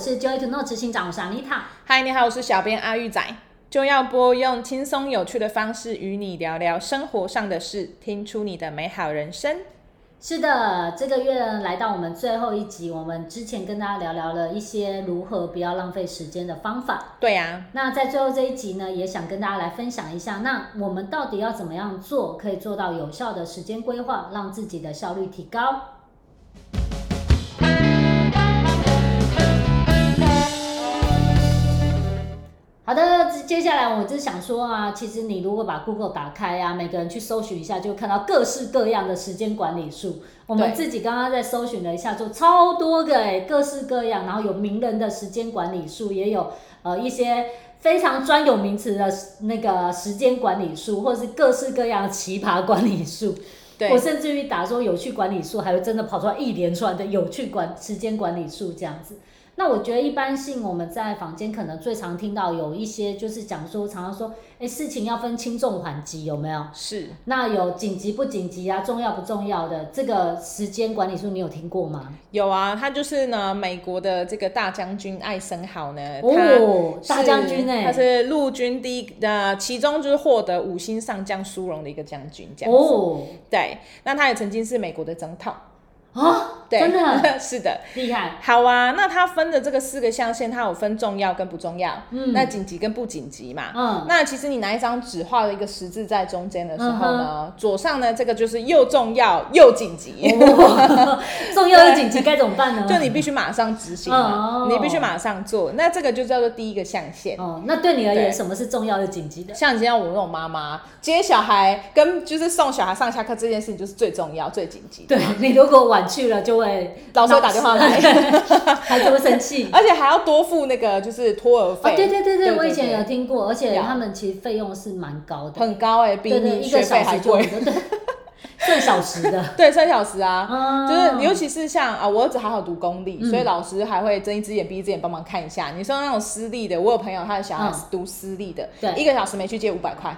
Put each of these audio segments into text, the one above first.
我是 Joy to Know 執行長 Anita。嗨，Hi, 你好，我是小編阿玉仔。就要播用輕鬆有趣的方式與你聊聊生活上的事，聽出你的美好人生。是的，這個月來到我們最後一集。我們之前跟大家聊聊了一些如何不要浪費時間的方法。對呀、啊。那在最後這一集呢，也想跟大家來分享一下，那我們到底要怎麼樣做，可以做到有效的時間規劃，讓自己的效率提高。接下來我就想說啊，其實你如果把 Google 打開啊，每個人去搜尋一下，就看到各式各樣的時間管理術。對我們自己剛剛在搜尋了一下，就超多個誒、欸，各式各樣。然後有名人的時間管理術，也有呃一些非常專有名詞的那個時間管理術，或是各式各樣的奇葩管理術。對我甚至於打說有趣管理術，還有真的跑出來一連串的有趣管時間管理術這樣子。那我覺得一般性，我們在坊間可能最常聽到有一些就是講說，常常說，哎，事情要分輕重緩急，有沒有？是。那有緊急不緊急啊，重要不重要的這個時間管理術，你有聽過嗎？有啊，他就是呢，美國的這個大將軍艾森豪呢，哦，他是大將軍哎、欸，他是陸軍第一、呃、其中就是獲得五星上將殊榮的一個將軍這樣子。哦，對，那他也曾經是美國的總統。啊，對，真的，是的，厲害。好啊，那它分的這個四個象限，它有分重要跟不重要，嗯，那緊急跟不緊急嘛，嗯，那其實你拿一張紙畫了一個十字在中間的時候呢，左上呢這個就是又重要又緊急，重要又緊急該怎麼辦呢？就你必須馬上執行，你必須馬上做，那這個就叫做第一個象限。哦，那對你而言什麼是重要的緊急的？像今天我那種媽媽，今天小孩跟就是送小孩上下課這件事情就是最重要最緊急。對，你如果晚。去了就會，老師會打電話來，還這麼生氣，而且還要多付那個就是托兒費。對對對對，我以前有聽過，而且他們其實費用是蠻高的，很高誒，比你學費還貴。對，三小時的，對，三小時啊，就是尤其是像啊，我兒子還好讀公立，所以老師還會睜一隻眼閉一隻眼幫忙看一下。你說那種私立的，我有朋友他的小孩讀私立的，對，一個小時沒去借五百塊。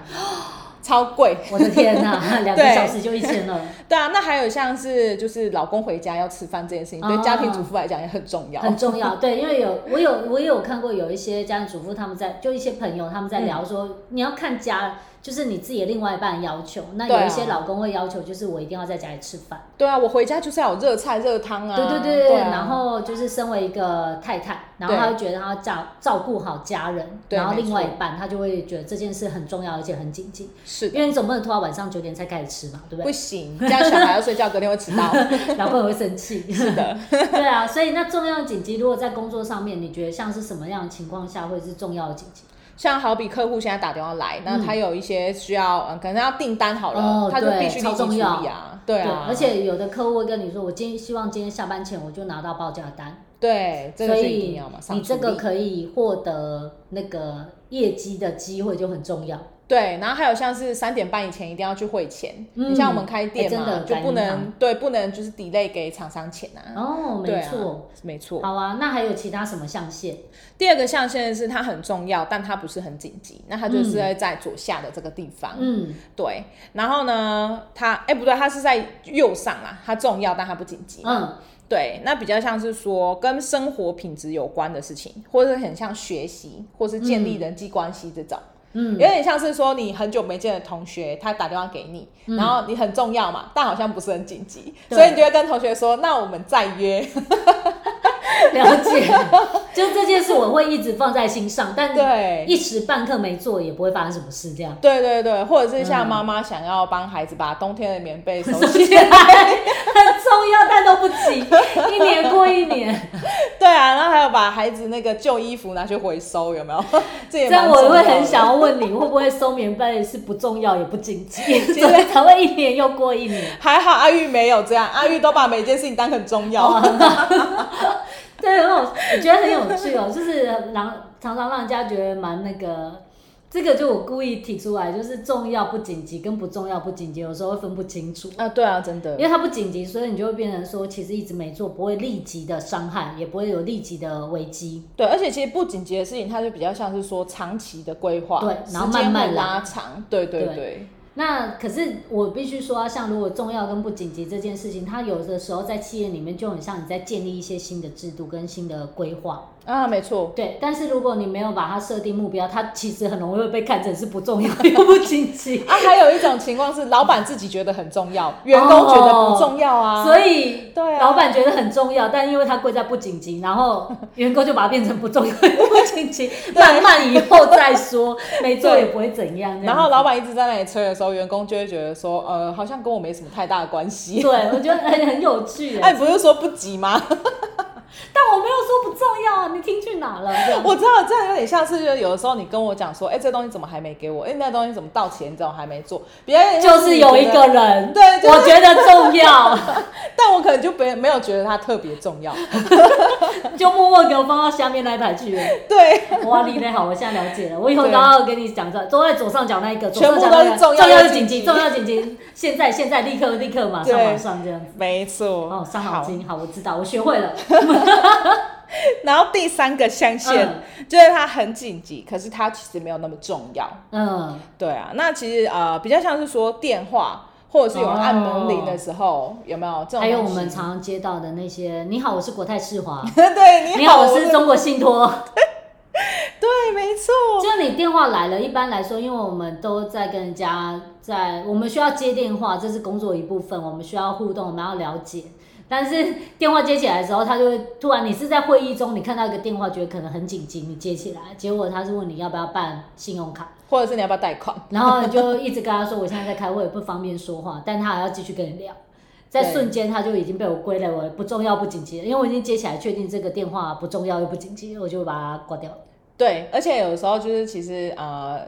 超貴！我的天哪、啊，兩 個小時就一千了對。對啊，那還有像是就是老公回家要吃飯這件事情，對家庭主婦來講也很重要，哦，很重要。對，因為有我有我有看過有一些家庭主婦他們在就一些朋友他們在聊說，嗯、你要看家。就是你自己的另外一半要求，那有一些老公會要求，就是我一定要在家裡吃飯。對啊，我回家就是要有熱菜熱湯啊。對對對、對、啊、然後就是身為一個太太，然後她會覺得她要照照顧好家人，對然後另外一半她就會覺得這件事很重要，而且很緊急。是，因為你總不能拖到晚上九點才開始吃嘛，對不對？不行，這樣小孩要睡覺，隔天會遲到， 老公會生氣。是的， 對啊，所以那重要的緊急，如果在工作上面，你覺得像是什麼樣的情況下會是重要的緊急？像好比客戶現在打電話來，那他有一些需要，嗯，可能要訂單好了，哦、他就必須立即處理啊，對啊對。而且有的客戶會跟你說，我今希望今天下班前我就拿到報價單。對，所以你這個可以獲得那個業績的機會就很重要。對，然後還有像是三點半以前一定要去匯錢。嗯，你像我們開店嘛，欸、真的就不能覺對，不能就是 delay 給廠商錢吶、啊。哦，對沒錯，沒錯。好啊，那還有其他什麼象限？第二個象限是它很重要，但它不是很緊急，那它就是在，在左下的這個地方。嗯，對。然後呢，它哎、欸、不對，它是在右上啊，它重要，但它不緊急。嗯，對。那比較像是說跟生活品質有關的事情，或者很像學習，或是建立人際關係這種。嗯嗯，有點像是說你很久沒見的同學，他打電話給你，然後你很重要嘛，嗯，但好像不是很緊急，了所以你就會跟同學說：“那我們再約。 ”了解，就這件事我會一直放在心上，但對，一時半刻沒做也不會發生什麼事。這樣，對對對，或者是像媽媽想要幫孩子把冬天的棉被收起來，嗯、 很重要但都不急，一年過一年。對啊，然後還有把孩子那個舊衣服拿去回收，有沒有？ 這樣我會很想要問你，會不會收棉被是不重要也不緊急，才會實一年又過一年？還好阿玉沒有這樣，阿玉都把每件事情當很重要、哦 對，很好，我覺得很有趣哦，就是讓常常讓人家覺得蠻那個，這個就我故意提出來，就是重要不緊急跟不重要不緊急，有時候會分不清楚。啊，對啊，真的，因為它不緊急，所以你就會變成說，其實一直沒做，不會立即的傷害，也不會有立即的危機。對，而且其實不緊急的事情，它就比較像是說長期的規劃，對，然後慢慢拉長。對對對。對那可是我必須說啊，像如果重要跟不緊急這件事情，它有的時候在企業裡面就很像你在建立一些新的制度跟新的規劃。啊，沒錯。對，但是如果你沒有把它設定目標，它其實很容易會被看成是不重要的、不緊急。 啊，還有一種情況是， 老板自己覺得很重要，員工覺得不重要啊。哦、所以，對、啊，老板覺得很重要，但因為它歸在不緊急，然後員工就把它變成不重要、不緊急， 對慢慢以後再說， 沒做也不會怎樣這樣子。然後老板一直在那裡催的時候，員工就會覺得說，呃，好像跟我沒什麼太大的關係。對，我覺得很很有趣。哎、 啊，你不是說不急嗎？ 但我沒有說不。你聽去哪了？我知道，這樣有點像是，就有的時候你跟我講說，哎、欸，這東西怎麼還沒給我？哎、欸，那東西怎麼到錢，怎麼還沒做？別就是有一個人，對，就是、我覺得重要， 但我可能就沒沒有覺得他特別重要， 就默默給我放到下面那一排去了。對，哇，厲害，好，我現在了解了，我以後剛剛跟你講，說都在左上角那一個，那個、全部都是重要的緊急，重要緊急， 現在現在立刻立刻馬對上馬上這樣，沒錯錯。哦，三好經，好，好，我知道，我學會了。 然後第三個象限、嗯、就是它很緊急，可是它其實沒有那麼重要。嗯，對啊，那其實啊、呃，比較像是說電話，或者是有人按門鈴的時候，哦、有沒有？這種。還有我們常常接到的那些，你好，我是國泰世華。 對，你好，你好，我是中國信託。 對，沒錯。就你電話來了，一般來說，因為我們都在跟人家在，我們需要接電話，這是工作一部分，我們需要互動，我們要了解。但是電話接起來的時候，他就會突然，你是在會議中，你看到一個電話，覺得可能很緊急，你接起來，結果他是問你要不要辦信用卡，或者是你要不要貸款，然後你就一直跟他說，我現在在開會， 不方便說話，但他還要繼續跟你聊，在瞬間他就已經被我歸類為不重要、不緊急，因為我已經接起來，確定這個電話不重要又不緊急，我就把它掛掉了。對，而且有時候就是其實呃。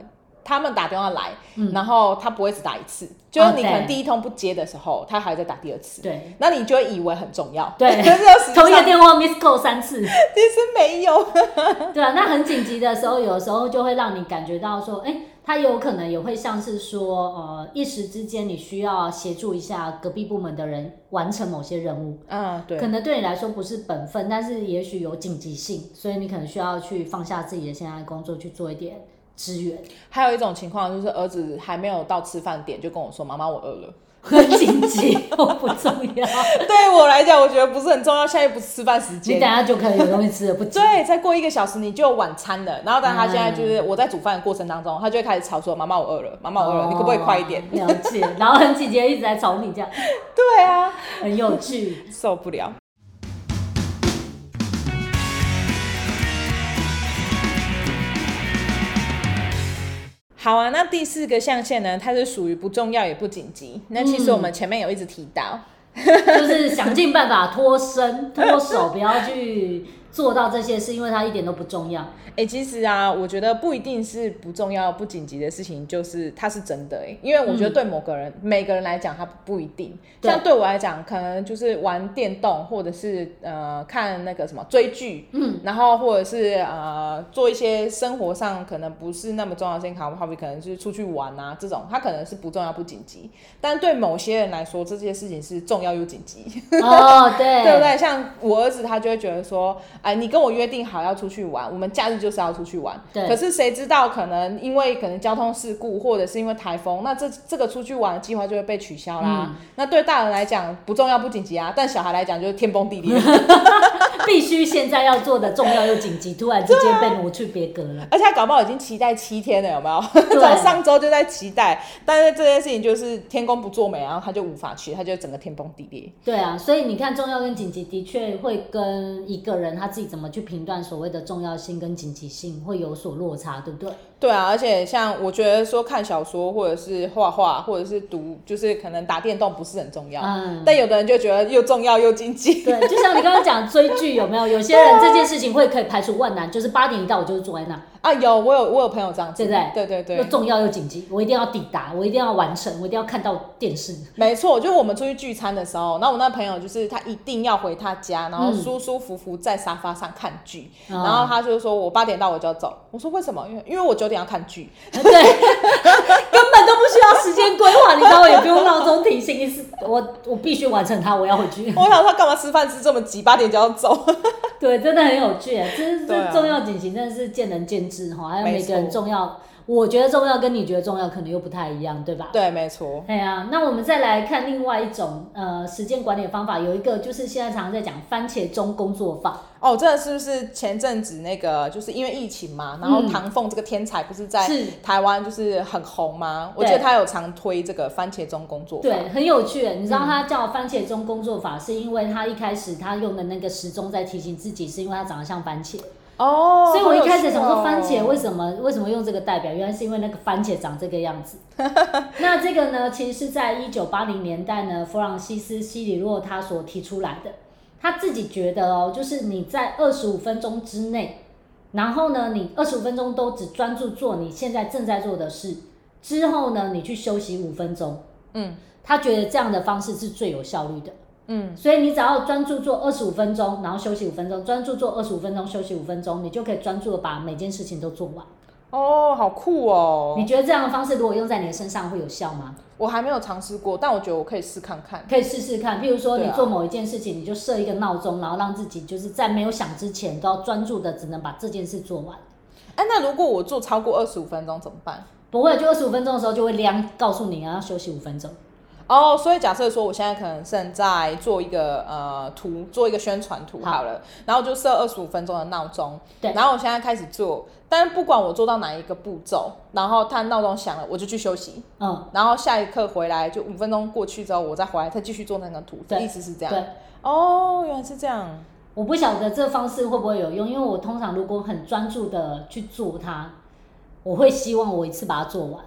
他們打電話來，嗯、然後他不會只打一次，就是你可能第一通不接的時候，嗯、他還在打第二次，對，Okay, 那你就會以為很重要，對。可 是要同一個電話 miss call 三次，其實沒有， 對啊。那很緊急的時候，有的時候就會讓你感覺到說，哎，他有可能也會像是說，呃，一時之間你需要協助一下隔壁部門的人完成某些任務，嗯，對。可能對你來說不是本分，但是也許有緊急性，所以你可能需要去放下自己的現在的工作去做一點，支援。還有一種情況就是，兒子還沒有到吃飯點，就跟我說：“媽媽，我餓了。”很緊急， 不重要。 對我來講，我覺得不是很重要。現在不是吃飯時間。你等一下就可以有東西吃了不，不急 對，再過一個小時你就晚餐了。然後，但他現在就是我在煮飯的過程當中，嗯、他就會開始吵說：“媽媽，我餓了，媽媽我餓了，哦、你可不可以快一點？”了解。 然後很緊急，一直在吵你這樣。 對啊，很有趣， 受不了。好啊，那第四個象限呢？它是屬於不重要也不緊急。那其實我們前面有一直提到，嗯，就是想盡辦法脫身，脫 手，不要去。做到這些事，因為它一點都不重要。哎、欸，其實啊，我覺得不一定是不重要、不緊急的事情，就是它是真的、欸。哎，因為我覺得對某個人、嗯、每個人來講，它不一定。對像對我來講，可能就是玩電動，或者是呃看那個什麼追劇，嗯、然後或者是呃做一些生活上可能不是那麼重要的事情、考不好可能就是出去玩啊這種，它可能是不重要、不緊急。但對某些人來說，這些事情是重要又緊急。哦，對，對不 對？像我兒子，他就會覺得說。哎，你跟我約定好要出去玩，我們假日就是要出去玩。對可是誰知道可能因為可能交通事故，或者是因為台風，那這這個出去玩的計劃就會被取消啦。嗯、那對大人來講不重要不緊急啊，但小孩來講就是天崩地裂， 必須現在要做的重要又緊急， 突然之間被挪去別格了、啊。而且他搞不好已經期待七天了，有沒有？對。 上周就在期待，但是這件事情就是天公不作美，然後他就無法去，他就整個天崩地裂。對啊，所以你看重要跟緊急的確會跟一個人他。自己怎麼去評斷所謂的重要性跟緊急性，會有所落差，對不對？對啊，而且像我覺得說看小說，或者是畫畫，或者是讀，就是可能打電動不是很重要，嗯，但有的人就覺得又重要又緊急。對，就像你剛剛講的追劇，有沒有？ 有些人這件事情會可以排除萬難，啊、就是八點一到我就坐在那。啊，有我有我有朋友這樣子，子。對不對？對對對，又重要又緊急，我一定要抵達，我一定要完成，我一定要看到電視。沒錯，就是我們出去聚餐的時候，然後我那朋友就是他一定要回他家，然後舒舒服服，服在沙發上看劇，嗯、然後他就說、哦、他說我八點到我就要走，我說，為什麼？因為因為我九點要看劇、啊，對， 根本都不需要時間規劃，你知道嗎 也不用鬧鐘提醒一次，我我必須完成它，我要回去。我想說他幹嘛吃飯吃這麼急，八點就要走？ 對，真的很有趣、啊，真是、啊、是重要緊急，真的是見仁見智。是好像每個人重要，沒錯，我覺得重要跟你覺得重要可能又不太一樣，對吧？對，沒錯。哎呀、啊，那我們再來看另外一種呃時間管理方法，有一個就是現在常常在講番茄鐘工作法。哦，這個是不是前陣子那個就是因為疫情嘛，然後唐鳳這個天才不是在台灣就是很紅嗎？嗯、我記得他有常推這個番茄鐘工作法，對，很有趣。你知道他叫番茄鐘工作法，是因為他一開始他用的那個時鐘在提醒自己，是因為他長得像番茄。哦，oh, 所以我一開始想說番茄為什麼、哦、為什麼用這個代表？原來是因為那個番茄長這個樣子。 那這個呢，其實是在一九八零年代呢，弗朗西斯西里洛他所提出來的，他自己覺得哦，就是你在二十五分鐘之內，然後呢，你二十五分鐘都只專注做你現在正在做的事，之後呢，你去休息五分鐘，嗯，他覺得這樣的方式是最有效率的。嗯，所以你只要專注做二十五分鐘，然後休息五分鐘，專注做二十五分鐘，休息五分鐘，你就可以專注的把每件事情都做完。哦，好酷哦！你覺得這樣的方式如果用在你的身上會有效嗎？我還沒有嘗試過，但我覺得我可以試看看。可以試試看，譬如說你做某一件事情，啊、你就設一個鬧鐘，然後讓自己就是在沒有響之前都要專注的，只能把這件事做完。哎、啊，那如果我做超過二十五分鐘怎麼辦？不會，就二十五分鐘的時候就會響，告訴你啊，要休息五分鐘。哦，oh, 所以假設說我現在可能正在做一個呃圖，做一個宣傳圖好了，好，然後就設二十五分鐘的鬧鐘，對，然後我現在開始做，但是不管我做到哪一個步驟，然後它鬧鐘響了，我就去休息，嗯，然後下一刻回來，就五分鐘過去之後，我再回來再繼續做那張圖，對，意思是這樣，對，哦，oh, 原來是這樣。我不曉得這方式會不會有用，因為我通常如果很專注的去做它，我會希望我一次把它做完。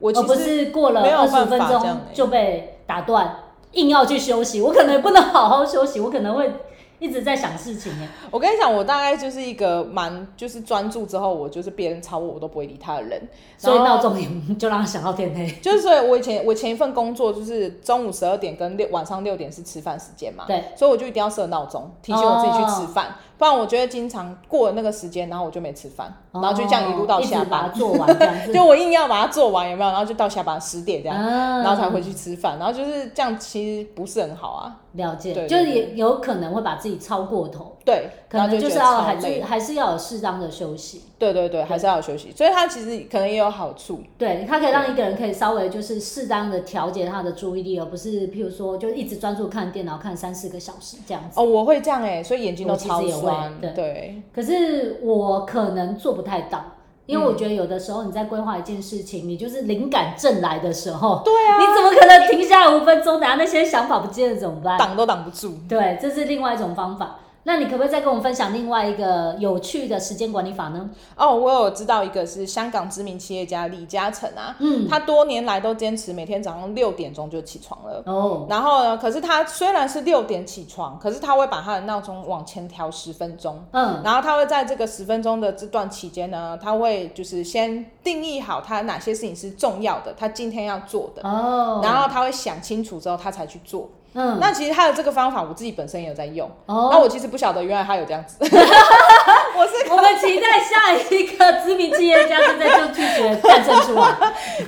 我不是過了有十分鐘就被打斷，硬要去休息，我可能也不能好好休息，我可能會一直在想事情。我跟你講，我大概就是一個蠻就是專注之後，我就是別人吵我，我都不會理他的人，所以鬧鐘也就讓他響到天黑。就是所以我以前我前一份工作就是中午十二點跟六晚上六點是吃飯時間嘛，對，所以我就一定要設鬧鐘提醒我自己去吃飯，oh. 不然我覺得經常過了那個時間，然後我就沒吃飯。然後就這樣一路到下班、哦、把它做完這樣， 就我硬要把它做完，有沒有？然後就到下班十點這樣，啊、然後才回去吃飯。然後就是這樣，其實不是很好啊。了解，對對對，就是也有可能會把自己超過頭。對，可能就是要還是還是要有適當的休息。對，對對對，對還是要有休息。所以它其實可能也有好處。對，它可以讓一個人可以稍微就是適當的調節他的注意力，而不是譬如說，就一直專注看電腦看三四個小時這樣子。哦，我會這樣哎、欸，所以眼睛都超酸。對，對可是我可能做不。不太擋，因為我覺得有的時候你在規劃一件事情，嗯、你就是靈感正來的時候，對啊，你怎麼可能停下五分鐘？等下那些想法不見了怎麼辦？擋都擋不住。對，這是另外一種方法。那你可不可以再跟我們分享另外一個有趣的時間管理法呢？哦，oh, 我有知道一個是香港知名企業家李嘉誠啊，嗯，他多年來都堅持每天早上六點鐘就起床了，哦，然後呢，可是他雖然是六點起床，可是他會把他的鬧鐘往前調十分鐘，嗯，然後他會在這個十分鐘的這段期間呢，他會就是先定義好他哪些事情是重要的，他今天要做的，哦，然後他會想清楚之後，他才去做。嗯，那其實他的這個方法，我自己本身也有在用。哦，那我其實不曉得，原來他有這樣子。哦 我是我們期待下一個知名企業家，現在就拒絕戰爭是嗎？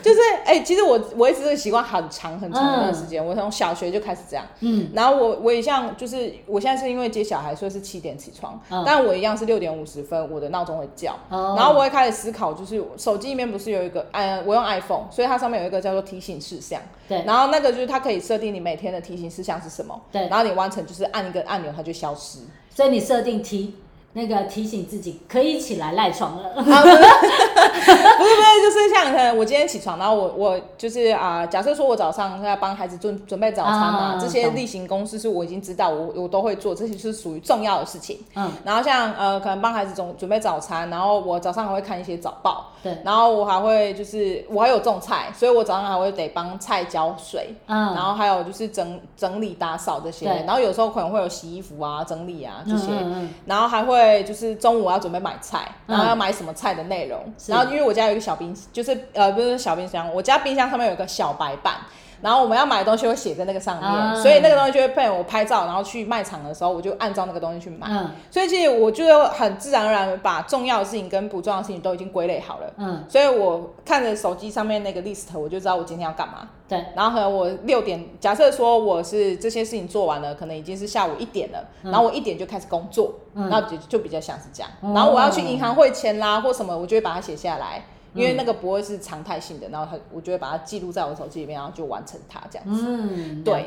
就是哎、欸，其實我我一直這個習慣很長很長一段時間，嗯、我從小學就開始這樣。嗯，然後我我也像就是我現在是因為接小孩，所以是七點起床，嗯、但我一樣是六點五十分，我的鬧鐘會叫。哦、然後我會開始思考，就是手機裡面不是有一個哎、嗯，我用 iPhone，所以它上面有一個叫做提醒事項。對，然後那個就是它可以設定你每天的提醒事項是什麼。對，然後你完成就是按一個按鈕，它就消失。所以你設定提。那個提醒自己可以起來賴床了。啊，不是不是，就是像可能我今天起床，然後我我就是啊、呃，假設說我早上要幫孩子準準備早餐嘛，啊、這些例行公事是我已經知道，我我都會做，這些是屬於重要的事情。嗯，然後像呃，可能幫孩子準準備早餐，然後我早上還會看一些早報。對然後我還會就是我還有種菜，所以我早上還會得幫菜澆水，嗯，然後還有就是整整理打掃這些，對然後有時候可能會有洗衣服啊、整理啊這些，嗯嗯嗯然後還會就是中午要準備買菜，然後要買什麼菜的內容，嗯，然後因為我家有一個小冰，就是呃不是小冰箱，我家冰箱上面有一個小白板。然後我們要買的東西，會寫在那個上面，uh, 所以那個東西就會被我拍照，然後去賣場的時候，我就按照那個東西去買。嗯、所以其實我就很自然而然把重要的事情跟不重要的事情都已經歸類好了。嗯、所以我看着手機上面那個 list，我就知道我今天要幹嘛。對。然後，可能我六點，假設說我是這些事情做完了，可能已經是下午一點了。嗯、然後我一點就開始工作，那、嗯、就就比較像是這樣。嗯、然後我要去銀行匯錢啦，或什麼，我就會把它寫下來。因為那個不會是常態性的，嗯、然後我就會把它記錄在我手機裡面，然後就完成它這樣子。嗯，對。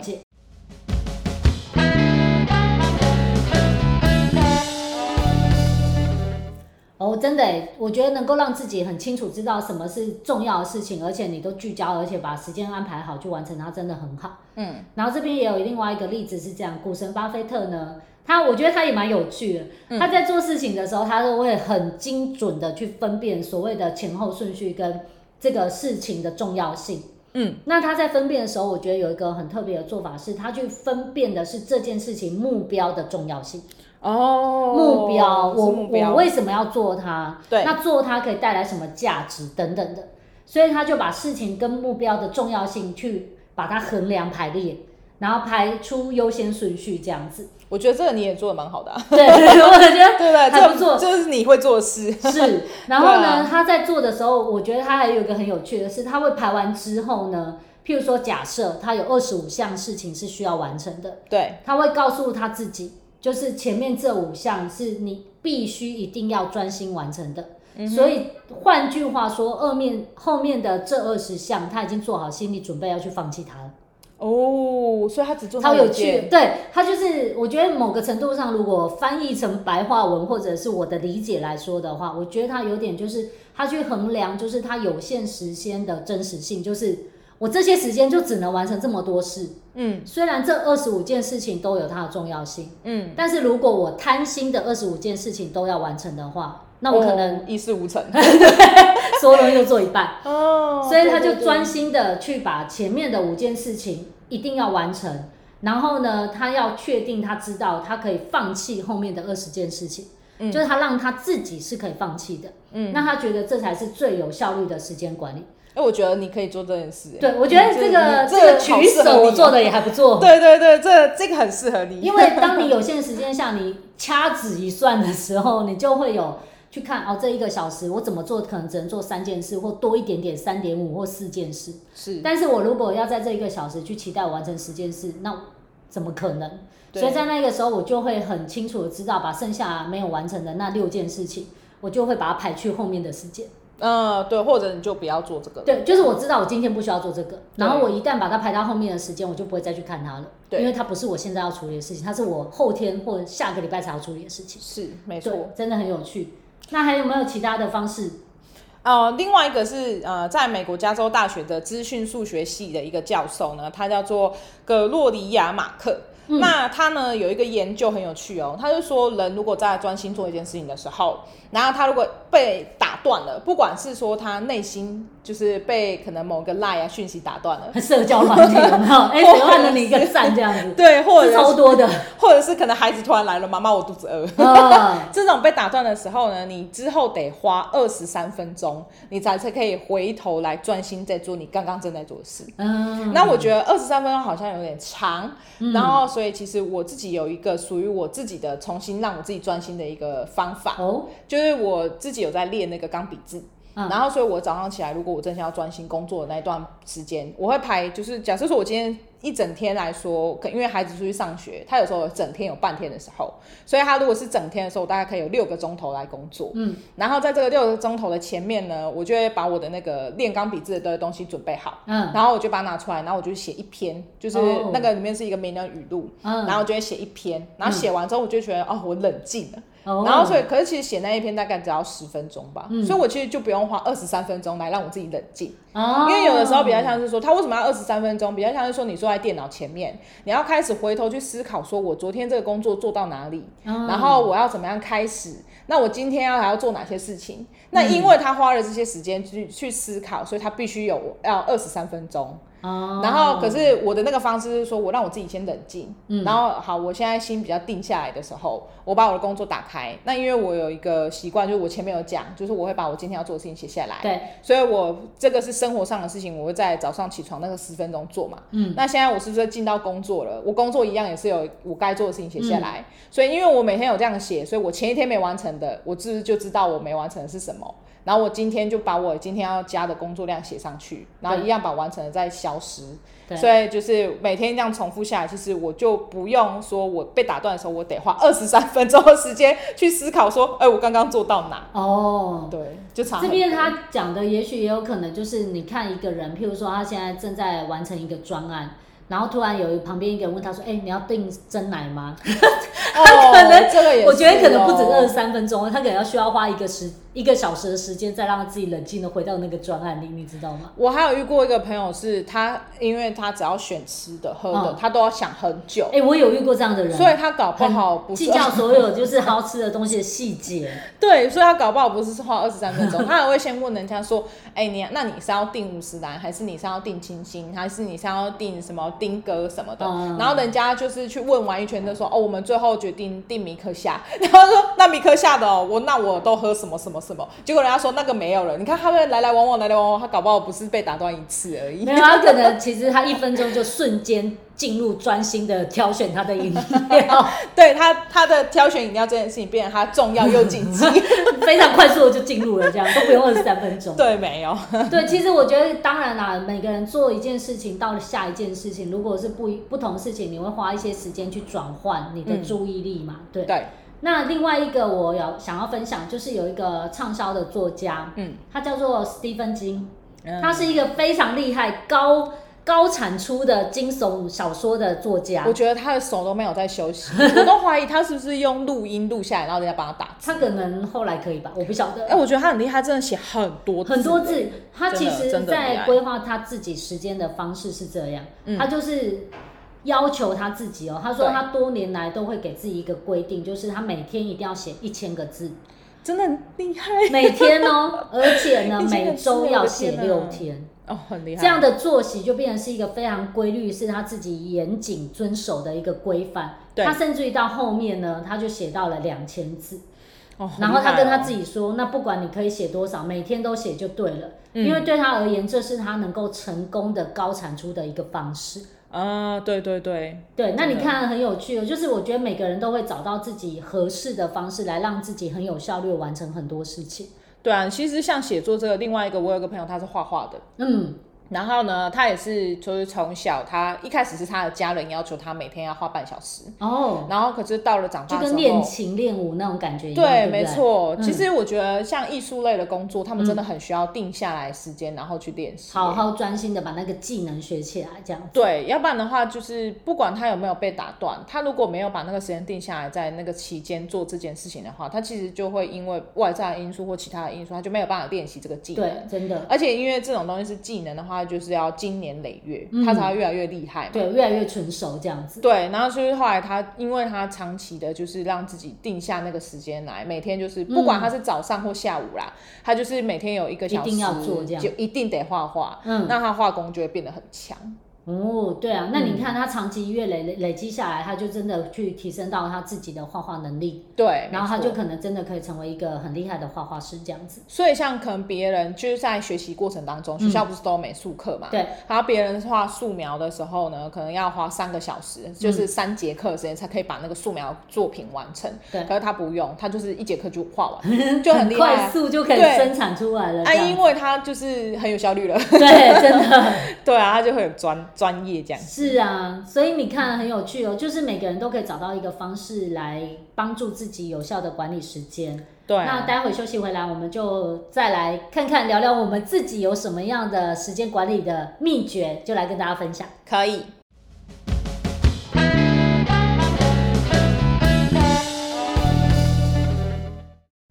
哦，真的，我覺得能夠讓自己很清楚知道什麼是重要的事情，而且你都聚焦，而且把時間安排好去完成它，真的很好。嗯。然後這邊也有另外一個例子是這樣，股神巴菲特呢，他我覺得他也蠻有趣的，他在做事情的時候，他都會很精準的去分辨所謂的前後順序跟這個事情的重要性。嗯，那他在分辨的時候，我覺得有一個很特別的做法，是他去分辨的是這件事情目標的重要性。哦，目標，我我為什麼要做它？對，那做它可以帶來什麼價值等等的，所以他就把事情跟目標的重要性去把它衡量排列。然後排出優先順序，這樣子，我覺得這個你也做得蠻好的啊。對，我覺得對對，還不錯就是你會做事。是，然後呢，啊、他在做的時候，我覺得他還有一個很有趣的是，他會排完之後呢，譬如說假設他有二十五項事情是需要完成的，對，他會告訴他自己，就是前面這五項是你必須一定要專心完成的，嗯、哼所以換句話說，二面後面的這二十項，他已經做好心理準備要去放棄它了。哦，所以他只做超有趣，對，他就是，我覺得某個程度上，如果翻譯成白話文或者是我的理解來說的話，我覺得他有點就是，他去衡量就是他有限時間的真實性，就是我這些時間就只能完成這麼多事，嗯，雖然這二十五件事情都有它的重要性，嗯，但是如果我貪心的二十五件事情都要完成的話。那我可能、哦、一事無成， 說了又做一半，哦，所以他就專心的去把前面的五件事情一定要完成，然後呢，他要確定他知道他可以放棄後面的二十件事情，嗯、就是他讓他自己是可以放棄的，嗯，那他覺得這才是最有效率的時間管理、欸。我覺得你可以做這件事、欸，對我覺得這個、嗯、這個取捨、喔、我做的也還不錯，對,對對對，這個、這個很適合你， 因為當你有限的時間下，你掐指一算的時候，你就會有。去看哦，這一個小時我怎麼做？可能只能做三件事或多一點點，三點五或四件事。是，但是我如果要在這一個小時去期待我完成十件事，那怎麼可能？對所以在那個時候，我就會很清楚的知道，把剩下沒有完成的那六件事情，我就會把它排去後面的時間。呃，對，或者你就不要做這個。對，就是我知道我今天不需要做這個，對然後我一旦把它排到後面的時間，我就不會再去看它了。對，因為它不是我現在要處理的事情，它是我後天或者下個禮拜才要處理的事情。是，沒錯，真的很有趣。那還有沒有其他的方式？哦、呃，另外一個是呃，在美國加州大學的資訊數學系的一個教授呢，他叫做格洛里亞·馬克。嗯、那他呢有一個研究很有趣哦，他就說人如果在專心做一件事情的時候，然後他如果被打斷了，不管是說他內心就是被可能某個 Line 啊訊息打斷了，社交環境很好。有？我看了你一個讚這樣子， 對，或者是是超多的，或者是可能孩子突然來了，媽媽，我肚子餓。 啊、這種被打斷的時候呢，你之後得花二十三分鐘，你才才可以回頭來專心在做你剛剛正在做的事。嗯、啊，那我覺得二十三分鐘好像有點長，嗯、然後。所以，其實我自己有一個屬於我自己的重新讓我自己專心的一個方法，嗯、就是我自己有在練那個鋼筆字。嗯、然後，所以我早上起來，如果我真的要專心工作的那一段時間，我會排，就是假設說我今天一整天來說，可因為孩子出去上學，他有時候有整天有半天的時候，所以他如果是整天的時候，大概可以有六個鐘頭來工作。嗯、然後在這個六個鐘頭的前面呢，我就會把我的那個練鋼筆字的東西準備好。嗯、然後我就把它拿出來，然後我就寫一篇，就是那個裡面是一個名人語錄。嗯、然後我就寫一篇，然後寫完之後，我就覺得、嗯、哦，我冷靜了。然後所以，可是其實寫那一篇大概只要十分鐘吧，所以我其實就不用花二十三分鐘來讓我自己冷靜，因為有的時候比較像是說他為什麼要二十三分鐘，比較像是說你坐在電腦前面，你要開始回頭去思考，說我昨天這個工作做到哪裡，然後我要怎麼樣開始，那我今天要還要做哪些事情？那因為他花了這些時間去去思考，所以他必須有要二十三分鐘。然後，可是我的那個方式是說，我讓我自己先冷靜。嗯、然後，好，我現在心比較定下來的時候，我把我的工作打開。那因為我有一個習慣，就是我前面有講，就是我會把我今天要做的事情寫下來。對。所以我這個是生活上的事情，我會在早上起床那個十分鐘做嘛。嗯。那現在我是不是進到工作了？我工作一樣也是有我該做的事情寫下來。嗯、所以，因為我每天有這樣寫，所以我前一天沒完成的，我是不是就知道我沒完成的是什麼？然後我今天就把我今天要加的工作量寫上去，對然後一樣把完成了再消失。對所以就是每天這樣重複下來，就是我就不用說我被打斷的時候，我得花二十三分鐘的時間去思考說，哎、欸，我剛剛做到哪？哦。對。就差。這邊他講的，也許也有可能就是，你看一個人，譬如說他現在正在完成一個專案，然後突然有旁邊一個人問他說：“哎、欸，你要訂珍奶嗎？”他這個也、哦。我覺得可能不止二十三分鐘，他可能要需要花一個時。一個小時的時間，再讓他自己冷靜的回到那個專案裡，你知道嗎？我還有遇過一個朋友，是他，因為他只要選吃的喝的，哦、他都要想很久。哎、欸，我有遇過這樣的人，所以他搞不好不、嗯、計較所有就是好吃的東西的細節。 對，所以他搞不好不是花二十三分鐘， 他還會先問人家說：哎、欸，你那你是要訂五十嵐，還是你是要訂清心，還是你是要訂什麼丁哥什麼的？然後人家就是去問完一圈，就說、嗯：哦，我們最後決定訂迷客夏然後說： 那迷客夏的、哦，我那我都喝什麼什麼。什麼？結果人家說那個沒有了。你看他們來來往往，來來往往，他搞不好不是被打斷一次而已。沒有，他可能其實他一分鐘就瞬間進入專心的挑選他的飲料。 對他，他的挑選飲料這件事情變得他重要又緊急， 非常快速就進入了，這樣都不用二十三分鐘。對，沒有。對，其實我覺得當然啦，每個人做一件事情到下一件事情，如果是不不同的事情，你會花一些時間去轉換你的注意力嘛？嗯、對。那另外一個我要想要分享，就是有一個暢銷的作家，嗯，他叫做 Stephen King，嗯，他是一個非常厲害、高高產出的驚悚小說的作家。我覺得他的手都沒有在休息， 我都懷疑他是不是用錄音錄下來，然後人家幫他打字。他可能後來可以吧，我不曉得。哎、欸，我覺得他很厲害，真的寫很多字很多字。他其實，在規劃他自己時間的方式是這樣，他就是。嗯要求他自己哦，他說他多年來都會給自己一個規定，對就是他每天一定要寫一千個字，真的很厲害。每天哦， 而且呢，每周要寫六天哦，很厲害。這樣的作息就變成是一個非常規律，是他自己嚴謹遵守的一個規範。對他甚至於到後面呢，他就寫到了兩千字，哦哦、然後他跟他自己說：“那不管你可以寫多少，每天都寫就對了，嗯、因為對他而言，這是他能夠成功的高產出的一個方式。”啊，uh, 對對對，對，那你看哦，很有趣，就是我覺得每個人都會找到自己合適的方式來讓自己很有效率，完成很多事情。對啊，其實像寫作這個，另外一個我有個朋友，他是畫畫的，嗯。然後呢，他也是，就是從小他一開始是他的家人要求他每天要花半小時哦。Oh, 然後可是到了長大的時候，就跟練琴練舞那種感覺一樣，對，對對沒錯。嗯、其實我覺得像藝術類的工作，他們真的很需要定下來時間，嗯、然後去練習，好好專心的把那個技能學起來。這樣子，對，要不然的話，就是不管他有沒有被打斷，他如果沒有把那個時間定下來，在那個期間做這件事情的話，他其實就會因為外在的因素或其他的因素，他就沒有辦法練習這個技能。對，真的。而且因為這種東西是技能的話，他就是要經年累月，嗯、他才會越來越厲害，對，越來越成熟這樣子。對，然後就是後來他，因為他長期的，就是讓自己定下那個時間來，每天就是不管他是早上或下午啦，嗯、他就是每天有一個小時一定要做這樣，就一定得畫畫。嗯、那他畫功就會變得很強。哦、嗯，對啊，那你看他長期越累累積下來，他就真的去提升到他自己的畫畫能力。對，然後他就可能真的可以成為一個很厲害的畫畫師這樣子。所以像可能別人就是在學習過程當中，嗯、學校不是都有美術課嘛？對。然後別人畫素描的時候呢，可能要花三個小時，就是三節課時間才可以把那個素描作品完成。嗯、對。可是他不用，他就是一節課就畫完了，就 很厲害，快速就可以生產出來了。他對、啊、因為他就是很有效率了。對，真的。 對啊，他就會有專。專業這樣，是啊，所以你看很有趣哦，就是每個人都可以找到一個方式來幫助自己有效的管理時間。對啊，那待會休息回來，我們就再來看看聊聊我們自己有什麼樣的時間管理的秘訣，就來跟大家分享。可以。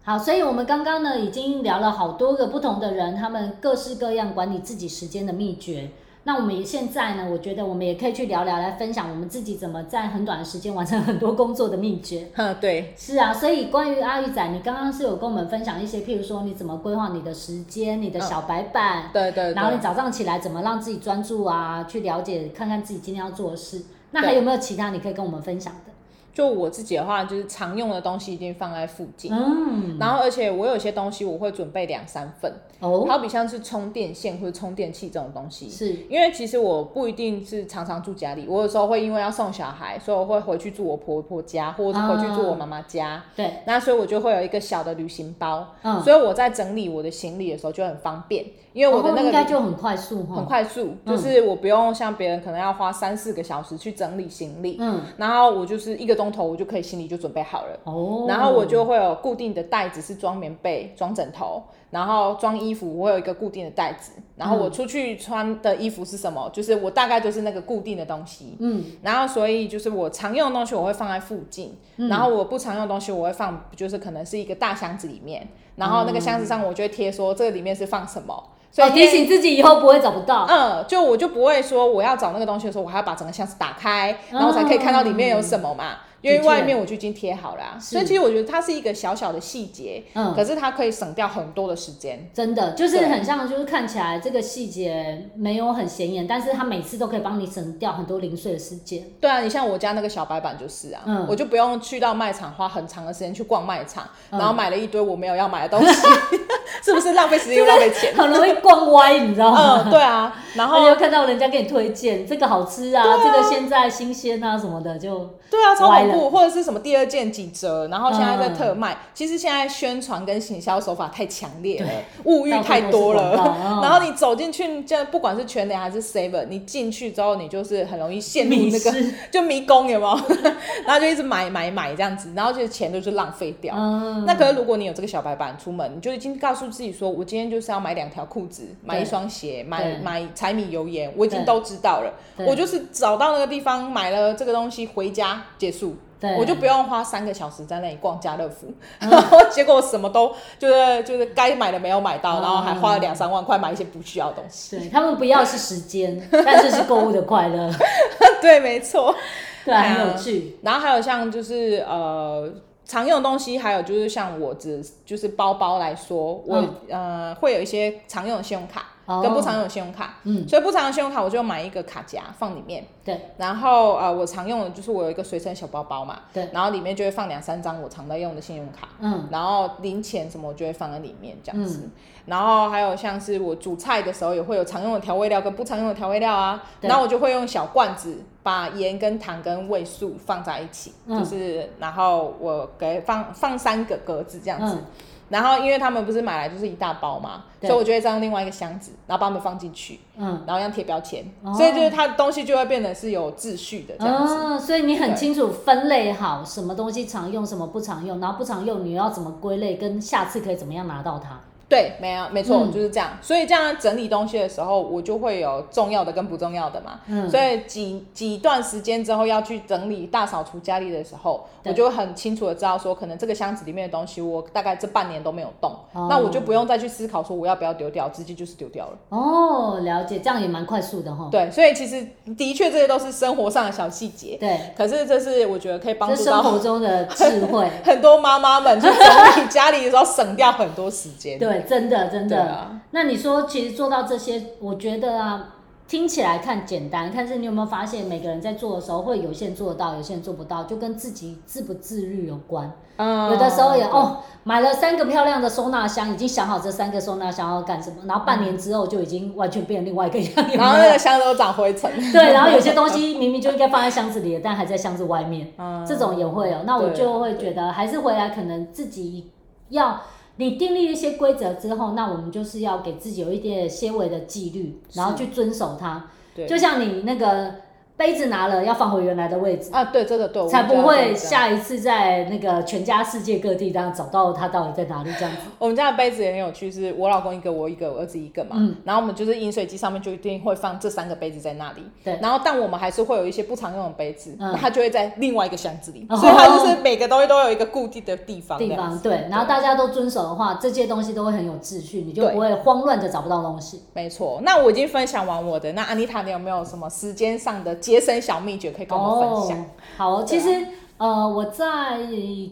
好，所以我們剛剛呢，已經聊了好多個不同的人，他們各式各樣管理自己時間的秘訣。那我們現在呢？我覺得我們也可以去聊聊，來分享我們自己怎麼在很短的時間完成很多工作的秘訣。嗯，對，是啊。所以關於阿玉仔，你剛剛是有跟我們分享一些，譬如說你怎麼規劃你的時間，你的小白板，哦、對，對對，然後你早上起來怎麼讓自己專注啊？去了解看看自己今天要做的事。那還有沒有其他你可以跟我們分享的？就我自己的話，就是常用的東西一定放在附近。嗯、然後而且我有些東西我會準備兩三份。哦、好比像是充電線或者充電器這種東西，是因為其實我不一定是常常住家裡，我有時候會因為要送小孩，所以我會回去住我婆婆家，或者回去住我媽媽家。哦、對，那所以我就會有一個小的旅行包，嗯、所以我在整理我的行李的時候就很方便。因為我的那個、哦、應該就很快速、哦，很快速，就是我不用像別人可能要花三四個小時去整理行李，嗯、然後我就是一個鐘頭我就可以行李就準備好了，哦、然後我就會有固定的袋子是裝棉被、裝枕頭，然後裝衣服，我有一個固定的袋子，然後我出去穿的衣服是什麼，就是我大概就是那個固定的東西，嗯、然後所以就是我常用的東西我會放在附近，嗯、然後我不常用的東西我會放，就是可能是一個大箱子裡面，然後那個箱子上我就會貼說這個裡面是放什麼。所、哦、提醒自己以後不會找不到。嗯，就我就不會說我要找那個東西的時候，我還要把整個箱子打開，然後才可以看到裡面有什麼嘛。啊嗯因為外面我就已經貼好了，所以其實我覺得它是一個小小的細節，嗯，可是它可以省掉很多的時間，真的就是很像，就是看起來這個細節沒有很顯眼，但是它每次都可以幫你省掉很多零碎的時間。對啊，你像我家那個小白板就是啊，嗯，我就不用去到賣場花很長的時間去逛賣場，然後買了一堆我沒有要買的東西，是不是浪費時間又浪費錢？很容易逛歪，你知道嗎？嗯，對啊，然後你又看到人家給你推薦這個好吃啊，這個現在新鮮啊什麼的，就對啊，歪了。或者是什麼第二件幾折，然後現在在特賣。其實現在宣傳跟行銷手法太強烈了，物欲太多了。然後你走進去，不管是全聯還是 Save，你進去之後，你就是很容易陷入那個就迷宮，有沒有？然後就一直買買買這樣子，然後就錢都是浪費掉。那可是如果你有這個小白板出門，你就已經告訴自己說，我今天就是要買兩條褲子，買一雙鞋，買買柴米油鹽，我已經都知道了。我就是找到那個地方買了這個東西，回家結束。對我就不用花三個小時在那裡逛家樂福，嗯、然後結果什麼都就是就是該買的沒有買到，嗯、然後還花了兩三萬塊買一些不需要的東西。對，他們不要是時間， 但是是購物的快樂。 對，沒錯，對，嗯、對，很有趣。然後還有像就是呃常用的東西，還有就是像我只就是包包來說，我、嗯、呃會有一些常用的信用卡。跟不常用的信用卡，哦嗯、所以不常用的信用卡我就買一個卡夾放裡面，對。然後呃，我常用的就是我有一個隨身小包包嘛，對。然後裡面就會放兩三張我常在用的信用卡，嗯。然後零錢什麼我就會放在裡面這樣子。嗯、然後還有像是我煮菜的時候也會有常用的調味料跟不常用的調味料啊，對然後我就會用小罐子把鹽跟糖跟味素放在一起，嗯、就是然後我給放放三個格子這樣子。嗯然後，因為他們不是買來就是一大包嘛，對所以我就會再用另外一個箱子，然後把它們放進去，嗯，然後這樣貼標籤，哦，所以就是它東西就會變得是有秩序的這樣子，哦。所以你很清楚分類好對什麼東西常用，什麼不常用，然後不常用你要怎麼歸類，跟下次可以怎麼樣拿到它。對，沒有，沒錯，就是這樣。嗯、所以這樣整理東西的時候，我就會有重要的跟不重要的嘛。嗯，所以幾幾段時間之後要去整理大掃除家裡的時候，對我就很清楚的知道說，可能這個箱子裡面的東西，我大概這半年都沒有動，哦、那我就不用再去思考說我要不要丟掉，直接就是丟掉了。哦，了解，這樣也蠻快速的齁。對，所以其實的確這些都是生活上的小細節。對，可是這是我覺得可以幫助到這是生活中的智慧， 很多媽媽們就整理家裡的時候省掉很多時間。對。真的，真的。啊、那你說，其實做到這些，我覺得啊，聽起來看簡單，但是你有沒有發現，每個人在做的時候，會有些做得到，有些人做不到，就跟自己自不自律有關。嗯、有的時候也哦，買了三個漂亮的收納箱，已經想好這三個收納箱要幹什麼，然後半年之後就已經完全變成另外一個樣子。嗯、有沒有？然後那個箱都長灰塵。對，然後有些東西明明就應該放在箱子裡了，嗯、但還在箱子外面。嗯。這種也會有，那我就會覺得，啊、還是回來可能自己要。你訂立一些規則之後，那我們就是要給自己有一點些微的紀律，然後去遵守它。是，對。就像你那個。杯子拿了要放回原來的位置啊，對，這個對，才不會下一次在那個全家世界各地這樣找到它到底在哪裡這樣子。 我們家的杯子也很有趣，是我老公一個，我一個，我兒子一個嘛，嗯、然後我們就是飲水機上面就一定會放這三個杯子在那裡，對，然後但我們還是會有一些不常用的杯子，嗯、它就會在另外一個箱子裡，哦、好好，所以它就是每個東西都有一個固定的地方，地方對，對然後大家都遵守的話，這些東西都會很有秩序，你就不會慌亂的找不到東西。對沒錯，那我已經分享完我的，那 Anita 你有沒有什麼時間上的？節省小秘訣可以跟我們分享。Oh, 好，其實對、啊、呃，我在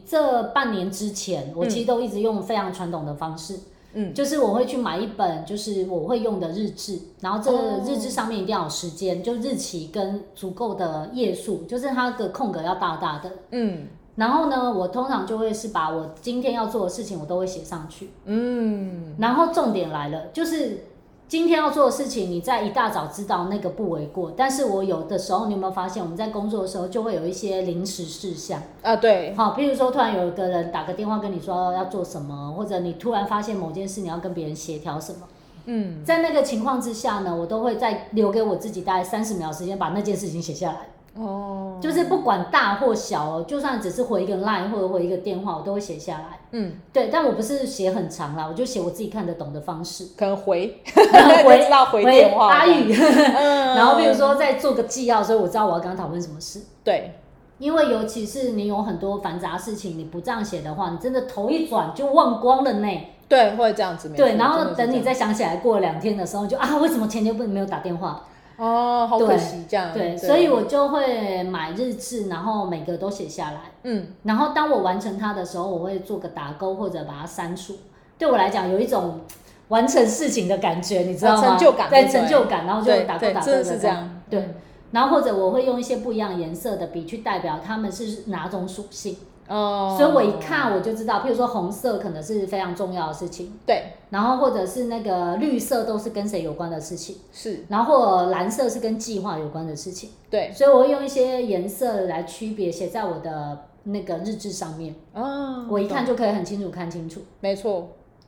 這半年之前，嗯、我其實都一直用非常傳統的方式，嗯，就是我會去買一本，就是我會用的日誌，然後這個日誌上面一定要有時間，哦、就日期跟足夠的頁數，就是它的空格要大大的，嗯。然後呢，我通常就會是把我今天要做的事情，我都會寫上去，嗯。然後重點來了，就是。今天要做的事情，你在一大早知道那個不為過。但是我有的時候，你有沒有發現，我們在工作的時候就會有一些臨時事項？啊，對，好、哦，譬如說突然有一個人打個電話跟你說要做什麼，或者你突然發現某件事你要跟別人協調什麼，嗯，在那個情況之下呢，我都會再留給我自己大概三十秒時間，把那件事情寫下來。哦，oh. 就是不管大或小，哦，就算只是回一個 LINE 或者回一個電話，我都會寫下來。嗯，對，但我不是寫很長啦，我就寫我自己看得懂的方式，可能回然後回回阿玉，嗯、 然後比如說再做個紀要，所以我知道我要剛剛討論什麼事。對，因為尤其是你有很多繁雜事情，你不這樣寫的話，你真的頭一轉就忘光了呢。對，或者這樣子，對，然後等你再想起來，過兩天的時候就啊，為什麼前天不能沒有打電話？哦，好可惜，對這樣對，對，所以我就會買日誌，然後每個都寫下來，嗯，然後當我完成它的時候，我會做個打勾或者把它刪除。對我來講，有一種完成事情的感覺，你知道嗎？成就感就對，對成就感，然後就打勾對打勾的，對，這樣對，然後或者我會用一些不一樣顏色的筆去代表它們是哪種屬性。哦，oh, 所以我一看我就知道，譬如說紅色可能是非常重要的事情，對。然後或者是那個綠色都是跟誰有關的事情，是。然後或藍色是跟計劃有關的事情，對。所以我會用一些顏色來區別，寫在我的那個日誌上面。嗯，oh, no. 我一看就可以很清楚看清楚，沒錯。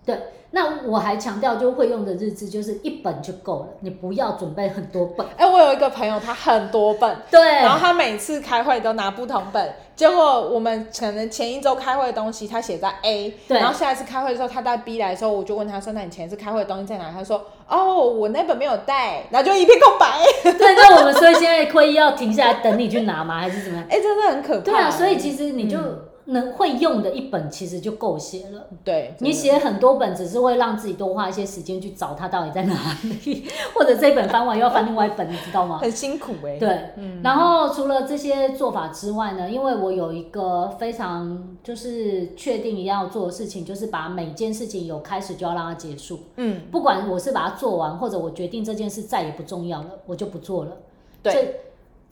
對，那我還強調，就會用的日誌就是一本就夠了，你不要準備很多本。哎、欸，我有一個朋友，他很多本， 對，然後他每次開會都拿不同本，結果我們可能前一周開會的東西他寫在 A，對，然後下一次開會的時候他帶 B 來的時候，我就問他說：“那你前一次是開會的東西在哪？”他說：“哦，我那本沒有帶，然後就一片空白。 ”對，那我們所以現在會議要停下來等你去拿嗎？還是怎麼樣？哎、欸，真的很可怕。對啊，所以其實你就、嗯。能會用的一本其實就夠寫了。對，你寫很多本，只是會讓自己多花一些時間去找它到底在哪裡，或者這本翻完又要翻另外一本， 你知道嗎？很辛苦誒、欸。對，嗯。然後除了這些做法之外呢，因為我有一個非常就是確定一定要做的事情，就是把每件事情有開始就要讓它結束。嗯。不管我是把它做完，或者我決定這件事再也不重要了，我就不做了。對。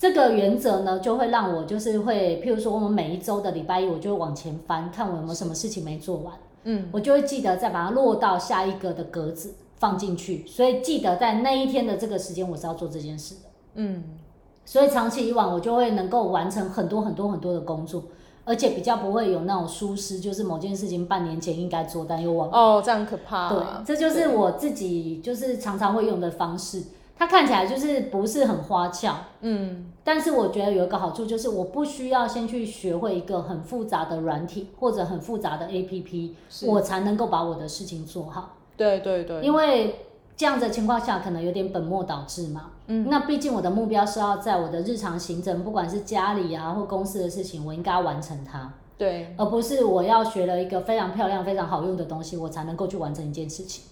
這個原則呢，就會讓我就是會，譬如說我們每一周的禮拜一，我就會往前翻，看我有沒有什麼事情沒做完。嗯，我就會記得再把它落到下一個的格子放進去，所以記得在那一天的這個時間，我是要做這件事的。嗯，所以長期以往，我就會能夠完成很多很多很多的工作，而且比較不會有那種疏失，就是某件事情半年前應該做但又忘了。哦，這樣很可怕啊。對，這就是我自己就是常常會用的方式。它看起來就是不是很花俏，嗯，但是我覺得有一個好處就是，我不需要先去學會一個很複雜的軟體或者很複雜的 APP，是我才能夠把我的事情做好。對對對，因為這樣的情況下可能有點本末倒置嘛。嗯，那畢竟我的目標是要在我的日常行程，不管是家裡啊或公司的事情，我應該完成它。對，而不是我要學了一個非常漂亮、非常好用的東西，我才能夠去完成一件事情。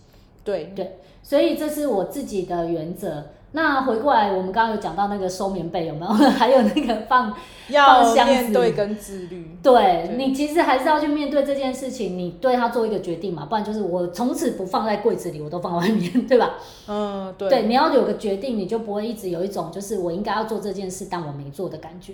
對對，所以這是我自己的原則。那回過來，我們剛剛有講到那個收棉被有沒有？還有那個放放箱子，要面對跟自律，對，對，你其實還是要去面對這件事情，你對他做一個決定嘛。不然就是我從此不放在櫃子裡，我都放外面，對吧？嗯，對。對，你要有個決定，你就不會一直有一種就是我應該要做這件事，但我沒做的感覺。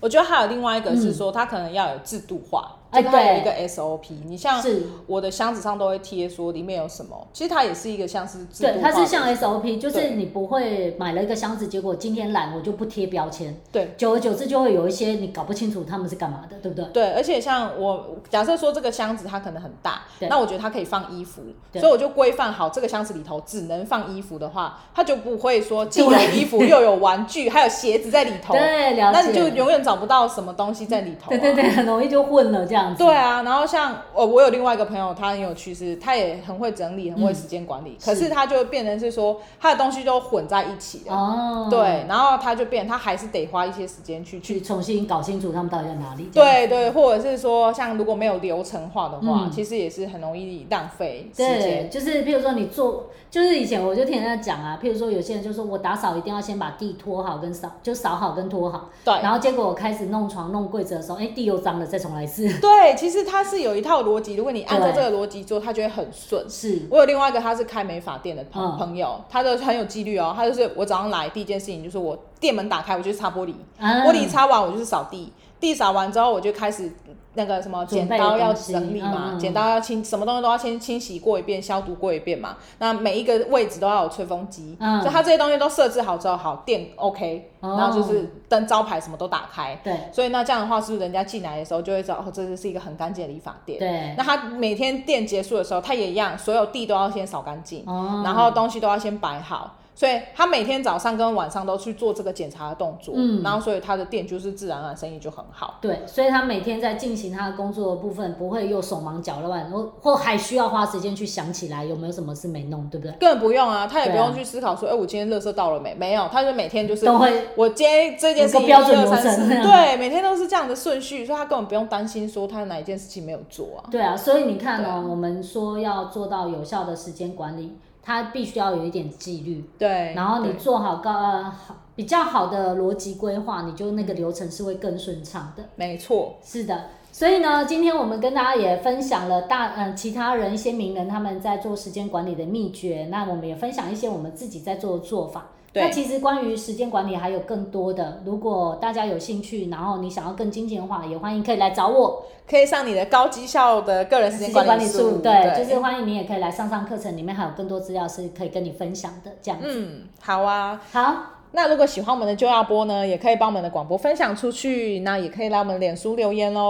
我覺得還有另外一個是說，它可能要有制度化，就它有一個 SOP。你像我的箱子上都會貼說裡面有什麼，其實它也是一個像是制度化，對，它是像 SOP，就是你不會買了一個箱子，結果今天懶我就不貼標籤，對，久而久之就會有一些你搞不清楚他們是幹嘛的，對不對？對，而且像我假設說這個箱子它可能很大，那我覺得它可以放衣服，所以我就規範好這個箱子裡頭只能放衣服的話，它就不會說既有衣服又有玩具，還有鞋子在裡頭。對，那你就永遠。找不到什麼東西在裡頭，對對對，很容易就混了這樣子。對啊，然後像哦，我有另外一個朋友，他很有趣，是他也很會整理，很會時間管理，可是他就變成是說他的東西都混在一起了。哦，對，然後他就變，他還是得花一些時間去去重新搞清楚他們到底在哪裡。對對，或者是說，像如果沒有流程化的話，其實也是很容易浪費時間。就是比如說你做，就是以前我就聽人家講啊，比如說有些人就說，我打掃一定要先把地拖好跟掃，就掃好跟拖好。對，然後結果。開始弄床弄櫃子的時候，哎、欸，地又髒了，再重來一次。對，其實他是有一套邏輯，如果你按照這個邏輯做，他吧就會很順。是我有另外一個他是開美髮店的朋朋友，他、嗯、就很有紀律哦，他就是我早上來第一件事情就是我店門打開，我就是擦玻璃，嗯、玻璃擦完我就是掃地。地掃完之後，我就開始那個什麼剪刀要整理嘛，剪刀要清什麼東西都要先清洗過一遍，消毒過一遍嘛。那每一個位置都要有吹風機，所以它這些東西都設置好之後，好電 OK，然後就是燈招牌什麼都打開。對。所以那這樣的話，是不是人家進來的時候就會知道哦，這是一個很乾淨的理髮店？對。那他每天店結束的時候，他也一樣，所有地都要先掃乾淨，然後東西都要先擺好。所以他每天早上跟晚上都去做這個檢查的動作，嗯，然後所以他的店就是自然而、啊、然生意就很好。對，所以他每天在進行他的工作的部分，不會又手忙腳亂，然後或還需要花時間去想起來有沒有什麼事沒弄，對不對？根本不用啊，他也不用去思考說，哎、啊欸，我今天垃圾倒了沒？沒有，他就每天就是都會，我今天這件事情一個標準流程，對，每天都是這樣的順序，所以他根本不用擔心說他哪一件事情沒有做啊。對啊，所以你看哦、喔、啊、我們說要做到有效的時間管理。它必須要有一點紀律，對，然後你做好高呃好比較好的邏輯規劃，你就那個流程是會更順暢的，沒錯，是的。所以呢，今天我們跟大家也分享了大嗯、呃、其他人一些名人他們在做時間管理的秘訣，那我們也分享一些我們自己在做的做法。那其實關於時間管理還有更多的，如果大家有興趣，然後你想要更精簡化，也歡迎可以來找我，可以上你的高績效的個人時間管理術。對，對，就是歡迎你也可以來上上課程，裡面還有更多資料是可以跟你分享的這樣子。嗯，好啊，好。那如果喜歡我們的就要播呢，也可以幫我們的廣播分享出去，那也可以來我們臉書留言嘍。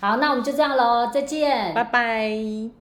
好，那我們就這樣嘍，再見，拜拜。